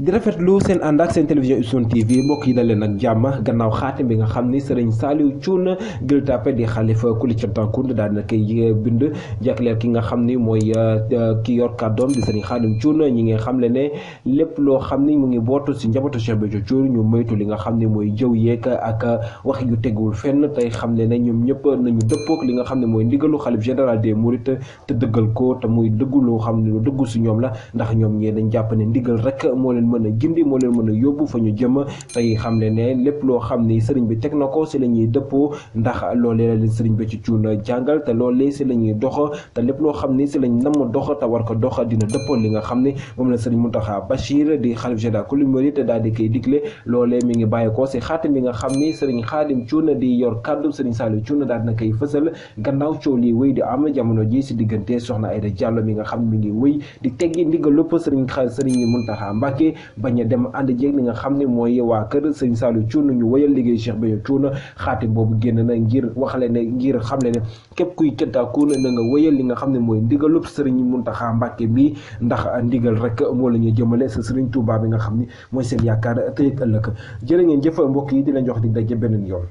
di rafetlu seen ànd ak seen télévision TV mbokk yi dal leen ak jàmm gannaaw xaatim bi nga xam ni sëriñ Saliou Thioune Gueule Tapée di xalifa kuli cantankound daal dina koy bind jagleel ki nga xam ni mooy euh, euh, ki yor kàddoom di sëriñ Khadim Thioune ñi ngi xamle ne lépp loo xam ni mu ngi bootu si njabootu Cheikh Béthio Thioune ñu moytu li nga xam ne mooy jëw yeek ak euh, wax yu teguwul fenn tey xamle ne ñoom ñëpp nañu dëppook li nga xam ne mooy ndigalu xalif général des mourides te dëggal ko te muy dëggu loo xam ne lu dëggu si ñoom la ndax ñoom ñee dañ jàpp ne ndigal rek mën a gindi moo leen mën a yóbbu fa ñu jëm tey xam ne ne lépp loo xam ni sëriñ bi teg na ko si la ñuy dëppoo ndax loolee la sëriñ bi ci cuuna jàngal te loolee si la ñuy dox te lépp loo xam ni si lañ namm dox te war ko dox dina dëppoo li nga xam ni moom la sëriñ Mountakha Bachir di xalif général ku murit te daal di koy digle loolee mi ngi bàyyi si xaatim bi nga xam ni sëriñ Xaadim Cuuna di yor kàddu sëriñ Saliou Cuuna daal na koy fësal gannaaw coow lii wéy di am jamono ji si diggante soxna Aïda Diallo mi nga xam mi ngi wéy di teggi ndigal lépp sëriñ Xaadim mun Mountakha Mbacké bañ a dem ànd jéeg li nga xam ne mooy waa kër sëñ Saliou Thioune ñu wëyal liggéey Cheikh Béthio na xaati boobu génn na ngir waxale ne ngir xam ne ne képp kuy këttaakoon na nga wëyal li nga xam ne mooy ndigalub sëriñ Mountakha Mbacké bi ndax ndigal rek moo la ñuy jëmale sa sëriñ Touba bi nga xam ni mooy seen yaakaar tey ëllëg jërë ngeen jëf mbokk yi di leen jox di daje beneen yoon